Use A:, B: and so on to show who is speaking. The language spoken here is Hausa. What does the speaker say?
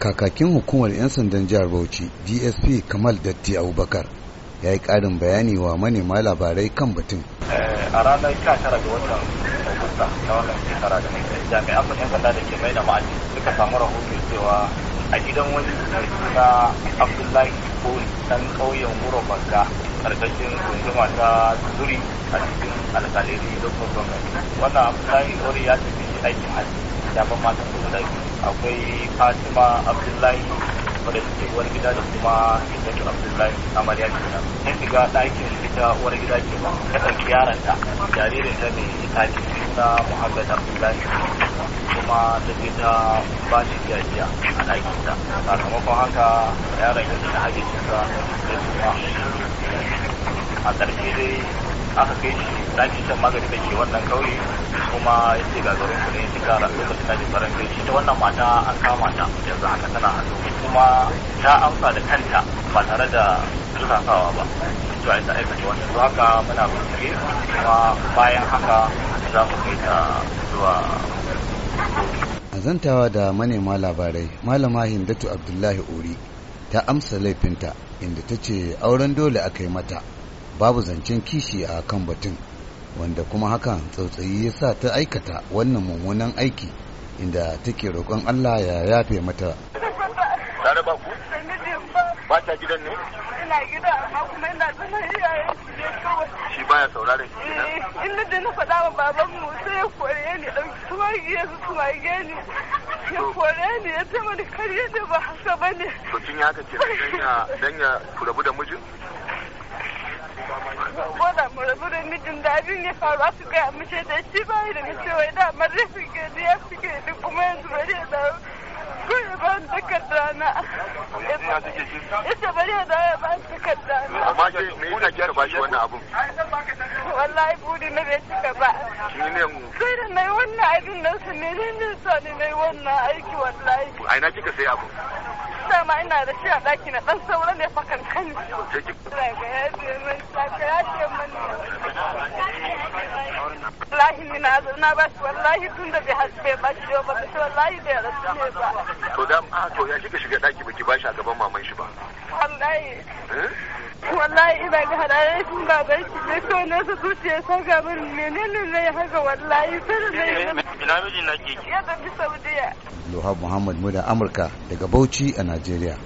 A: kakakin hukumar 'yan sandan jihar bauchi dsp kamal datti abubakar ya yi ƙarin bayani wa manema labarai kan batun
B: eh, a ranar 19 ga watan augusta na wannan shekara da jami'an kudin sanda da ke mai da ma'aji suka samu rahoto cewa a gidan wani na abdullahi ko dan ƙauyen wuro banga ƙarƙashin runduma ta zuri a cikin alkaliri da kuma wannan abdullahi ya tafi aikin hajji shafa matan su guda akwai fatima abdullahi wadda suke uwar gida da kuma hindatu abdullahi amarya kenan sai shiga ɗakin ita uwar gida ce ba ta ɗauki jaririn ta ne ta ce suna muhammad abdullahi kuma ta je ta ba shi gajiya a ɗakinta sakamakon haka yaran ya ta hajjinsa da kuma a ƙarshe dai aka kai shi ɗakin shan magani da ke wannan kauye kuma ya ce ga garin kuɗi ya gara lokacin da faran kai shi ta wannan mata an kama ta yanzu haka tana hannu kuma ta amsa da kanta ba tare da zurfafawa ba cewa ta aikata wannan zuwa haka muna bincike kuma bayan haka za mu kai ta zuwa
A: a zantawa da manema labarai malama hindatu abdullahi ori ta amsa laifinta inda ta ce auren dole aka yi mata babu zancen kishi a kan batun wanda kuma haka tsautsayi ya sa ta aikata wannan mummunan aiki inda take roƙon Allah ya yafe mata.
C: Tare ba ku?
A: Ba ta gidan ne?
C: Ina gida amma kuma ina zama iyaye ne kawai. Shi
A: baya saurare ki gidan?
C: Inda da na faɗa wa babanmu sai ya kore ni ɗauki tumagi ya tumage ni. Ya kore ni ya tama da karye da ba haka ba ne. To ya yi haka ke dan ya kurabu da mijin? abin ya faru aka gaya mace da shi ba da mace wai da amma zai fi ya fi gani kuma yanzu bari ya dawo kuma ba takarda na ita bari ya dawo ya ba takarda na amma
B: ke me ba shi wannan abun
C: wallahi buri na bai cika ba sai da na yi wannan abin nan su ne ne ne sa ne na yi wannan aiki wallahi
B: a ina kika sai abu
C: dama ina da shi a ɗaki na ɗan sauran ne fakan kan shi. ya na zo ba shi wallahi tun da bai ba shi ba shi wallahi bai rasu ba
A: to da a ah, to
B: ya ba shi a gaban maman shi ba
C: wallahi eh? wallahi ina ga halayen sa ga min menene
A: Luhab eh, Muhammad Muda Amurka daga Bauchi a Najeriya